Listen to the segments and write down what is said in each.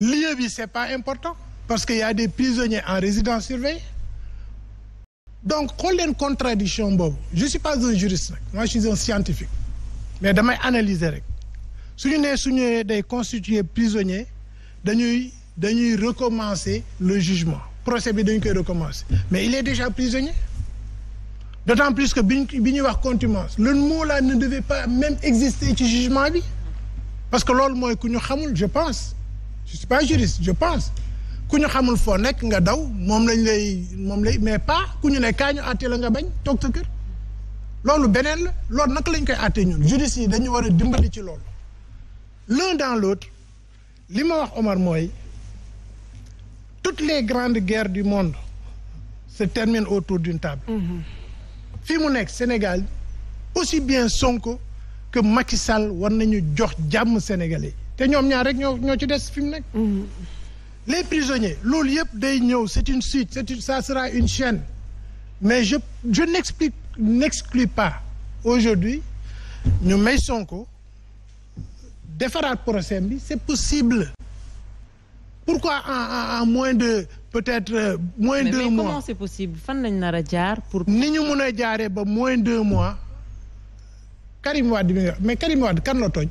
lieu bi c'est pas important parce que y a des prisonniers en résidence surveillée donc xool leen contradiction boobu je suis pas un juriste nag suis un scientifique mais damay analyser rek ñu nee suñu day constituer prisonnier dañuy dañuy recommencer le jugement procès bi dañu koy recommencer mais il est déjà prisonnier d'autant plus que bi ñu bi ñuy wax contumace le mot là ne devait pas même exister ci jugement bi parce que loolu mooy ku ñu xamul je pense je suis pas ku ñu xamul foo nekk nga daw moom lañ lay moom lay mais pas ku ñu ne kaa ñu àttee la nga bañ toog sa kër loolu beneen la loolu naka lañ koy àttee ñun juriste yi dañu war a dimbali ci loolu l'un dans l'autre li ma wax Omar mooy toutes les grandes guerres du monde se terminent autour d'une table mhm. fii mu nekk Sénégal aussi bien sonk que Macky Sall war nañu jox jàmm sénégalais te ñoom ñaar rek ñoo ci des fi mu nekk. Mm-hmm. les prisonniers loolu yëpp day ñëw c'est une suite c'est une ça sera une chaîne mais je je n'explique n'exclus pas aujourd'hui ñu may Sonko defaraat procès bi c'est possible pourquoi en en en moins de peut-être euh, moins de deux mois mais comment possible fan lañ nar a jaar pour. ni ñu mën a jaaree ba moins deux mois Karim Wade bi nga mais Karim Wade kan la tooñ.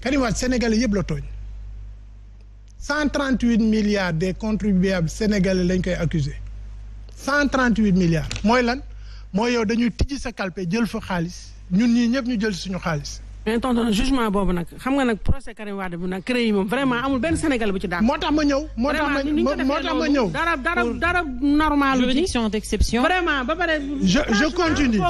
Karim Wade sénégalais yëpp la tooñ cent trente huit milliards des contribuables sénégalais lañ koy accusé cent trente huit milliards mooy lan mooy yow dañuy tijji sa kalpe jël fa xaalis ñun ñii ñëpp ñu jël suñu xaalis. mais tonton jugement boobu nag xam nga nag procès Karim Wade bi nag CREI moom vraiment amul benn sénégalais bu ci daan. moo tax ma ñëw moo tax ma moo tax ma ñëw dara dara dara normal. juridiction d'exception vraiment ba pare. je je continue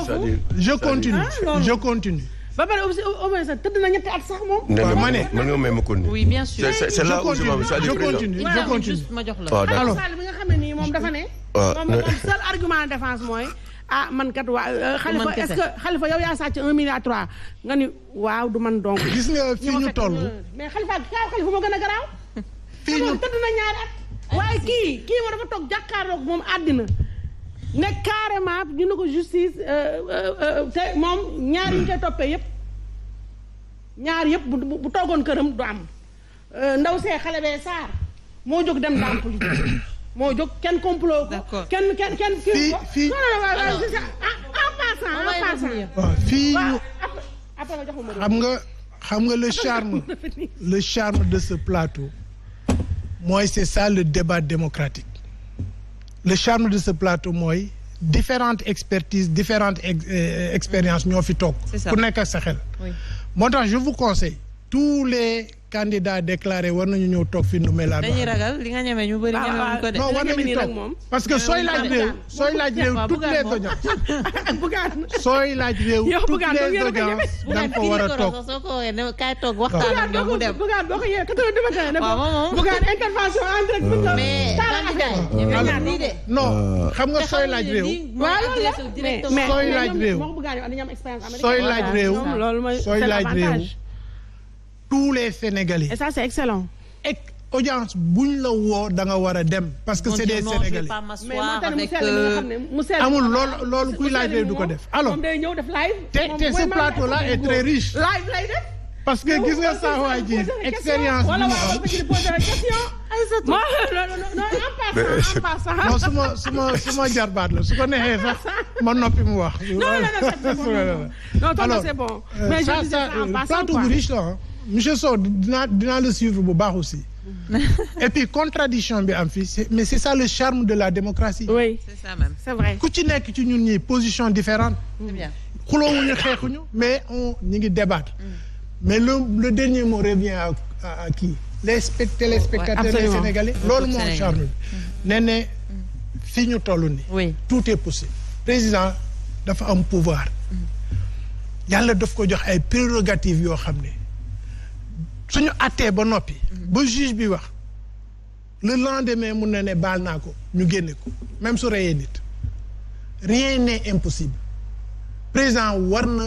je continue je continue. ba pare aussi au moins tëdd na ñetti at sax moom. ma ne mën nga may ma continuer. oui bien c'est là où ma jox la. Ah, alors nga xam ne nii moom dafa ne. Ah, moom moom seul argument de défense mooy. ah man kat waa xalifa euh, est-ce que xalifa yow yaa sàcc un milliard trois nga ni waaw du man donc. gis nga fii ñu toll. mais xalifa kaaw xalifa moo gën a garaaw. tëdd na ñaari at. waaye kii kii ma dafa toog jàkkaarloog moom àddina. ne carrément ñu ne ko justice euh, euh, euh, te moom ñaar yi ñu toppee yëpp ñaar yëpp bu bu toogoon këram du am ndaw see xale bee saar moo jóg dem dàmp moo jóg kenn complot ko kenn kenn kenn kii ko fii ah, en passant en passant fii xam nga xam nga le charme le charme de ce plateau mooy c'est ça le débat démocratique le charme de ce plateau mooy différentes expertises différentes euh, expériences ñoo fi toog ku nekk ak sa xel moo tax je vous conseille tous les candidats déclarés war nañu ñëw toog fi Ndoumbé laa dañuy ragal li nga ñeme ñu bëri ñeme ko war nañu toog parce que sooy laaj réew sooy laaj réew toutes les audiences sooy laaj réew toutes les audiences da nga war a toog soo ko waxee ne kaay toog waxtaan ak mu dem bugaan boo ko yee quatre bu ñu mais candidat ñi de non xam nga sooy laaj réew sooy laaj réew sooy laaj réew sooy laaj tous les Sénégalais. et ça c'est excellent. Et audience buñ la woo da nga war a dem. parce que c'est des Sénégalais mais euh, amul loolu loolu kuy live du ko def alors te te ce plateau là est très riche. parce que gis nga saa waay ji expérience bi ma su ma jarbaat la su ko neexee sax ma noppi mu wax. non non non non monsieur Sow dinaa dinaa le suivre bu baax et puis contradiction bi am fi mais c'est ça le charme de la démocratie. oui c'est ku ci nekk ci ñun ñi position différente. xuloowuñu xeexuñu mais on ñu ngi débattre. Mm. mais le le dernier mot revient à à kii. les spect téléspectateurs les sénégalais. loolu moo charme bi. nee mm. ne fi ñu toll ni tout est possible. président dafa am pouvoir. Mm. yàlla daf ko jox ay prérogatives yoo xam ne. suñu atte ba noppi ba juge bi wax le lendemain mun na ne baal naa ko ñu génne ko même su reyee nit rien n'est impossible président war na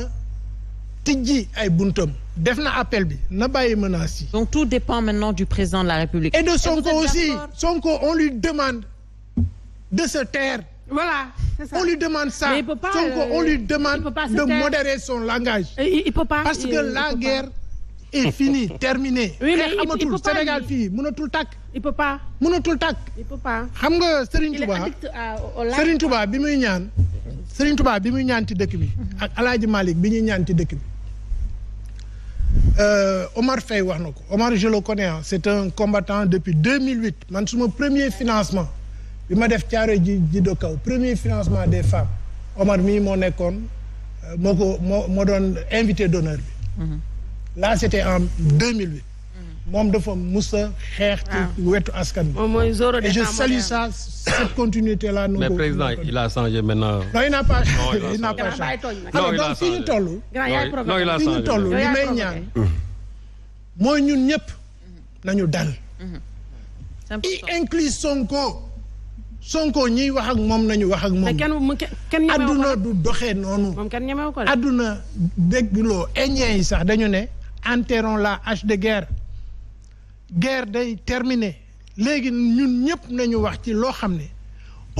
tijji ay buntam def na appel bi na bàyyi menace yi donc tout dépend maintenant du président de la République et de Sonko aussi Sonko on lui demande de se taire voilà c'est on lui demande ça Sonko euh, on lui demande de modérer son langage il, il parce que la guerre est fini terminé. oui amatul Sénégal fii mënatul tàkk. il peut pas takk tàkk. il xam nga Serigne Touba Serigne Touba bi muy ñaan. Serigne Touba bi muy ñaan ci dëkk bi. ak El Hadj bi ñuy ñaan ci dëkk bi. Euh, Omar Faye wax na ko Omar je le connais c'est un combattant depuis 2008 man suma premier financement bi ma def caare ji ji do kaw premier financement des femmes Omar mii moo nekkoon euh, moo ko moo moo doon invité d'honneur bi. Mhm. là c' était en 2008. Mm. moom dafa mus a xeex. ci ah. wetu askan bi. et je salue ça cette continuité a changé maintenant. non il n' a pas changé il n' fi ñu toll. fi ñu toll li may ñaan. mooy ñun ñëpp nañu dal. i inclus Sonko. Sonko ñiy wax ak moom nañu wax ak moom. adduna du doxee noonu. adduna déggloo éññee yi sax dañu ne. enterrons la hache de guerre guerre day terminer léegi ñun ñëpp nañu wax ci loo xam ne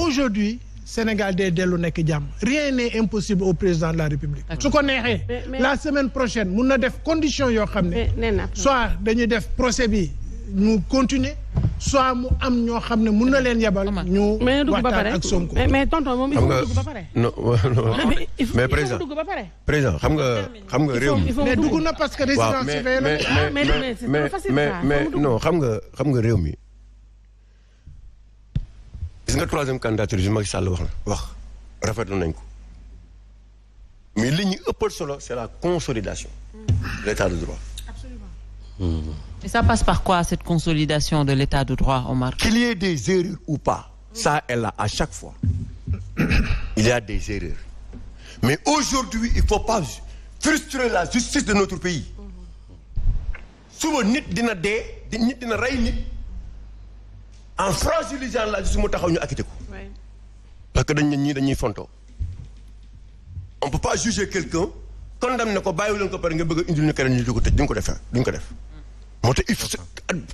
aujourd'hui Sénégal de dellu nekk jàmm rien n'est impossible au président de la République su ko neexee la semaine prochaine mun na def condition yoo xam ne soit dañuy def procès bi mu continuer soit mu am ñoo xam ne mun na leen yebal. ñu waxtaan ak Sonko mais mais tonton moom il faut dugg ba pare. non ah, mais président président xam nga xam nga réew mi. mais dugg na parce que résidence surveillée ah, mais mais mais mais non xam nga xam nga réew mi. gis nga troisième candidature bi Macky Sall wax na wax rafetlu nañ ko mais li ñu ëppal solo c'est la consolidation de hmm. l'état de droit. Mm. Et ça passe par quoi cette consolidation de l'état de droit, Omar? Qu'il y ait des erreurs ou pas, ça est là à chaque fois. Il y des erreurs. Mais aujourd'hui, il faut pas frustrer la justice de notre pays. Suba nit dina dee, nit dina ray nit. En fragilisant la justice moo taxaw ñu acquitté ko. Parce que dañ ne ñii dañuy fontoo. On peut pas juger quelqu'un, condamner ko bàyyiwuleen ko pare nga bëgg a indil ñu keneen ko tëj ko def. moo tax il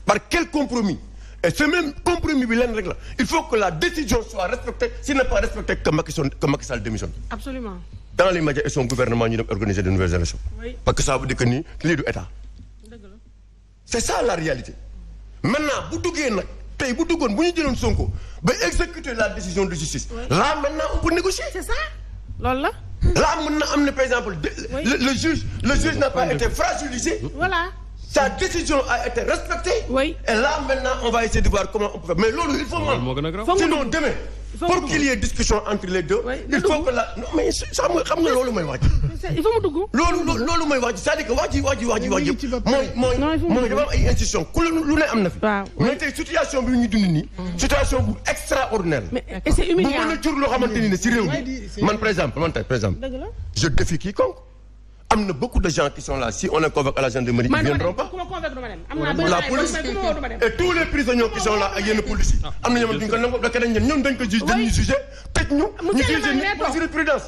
par quel compromis et ce même compromis bi lenn rek la il faut la décision soit respectée s'il n'est pas respecté que Macky Sall que Macky Sall démissionne. absolument. dans les médias et son gouvernement bu duggee nag tey bu duggoon bu ñu la décision de justice. oui là maintenant on peut na am na par exemple. le le juge n'a sa décision a été respectée. oui et là maintenant on va essayer de comment on peut faire mais loolu il faut. moom moo gën demain. pour qu'il y ait discussion entre les deux. il faut que la non mais xam nga xam nga loolu mooy wax ji. il faut mu dugg. loolu loolu mooy wax ji que wax ji am ne fi. mais tey situation bi ñu dund nii. situation bu mais et c'est humiliant bu mën a jur loo xamante ni ne si réew man par exemple man tey am na beaucoup de gens qui sont si on les convoque à la gendarmerie. ils viendront pas la police et tous les prisonniers qui sont yenn police yi. am na ñoom duñ ko nangu da ka ñu jugé tëj ñu. ñu ñu mesure prudence.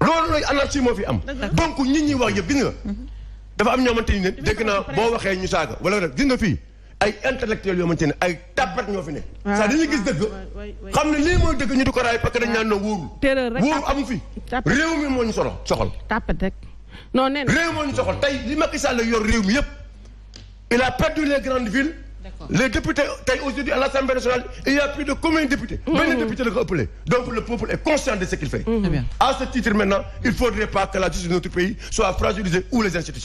bu loolu lay anarchie moo fi am. donc nit ñi wax yëpp gis nga. Mhm. dafa am ñoo xamante ne dégg naa boo waxee ñu saaga wala rek gis nga fii ay intellectuels yoo xamante ne ay tabbat ñoo fi ne. waaw ah. dañuy gis dëgg. xam ne lii mooy dëgg ñu di ko raay parce que dañ naan noo wóorul. terreur rek wóorul amu fi. réew mi moo ñu solo soxal. rek réew tey li Macky Sall yor réew mi yëpp il a perdu les grandes villes. les députés tey aujourd'hui à l'Assemblée nationale il y a plus de combien députés. Mm-hmm. benn député la ko ëppale. donc le peuple est conscient de ce qu'il fait. Mm-hmm. à ce titre maintenant il faudrait pas que la justice de notre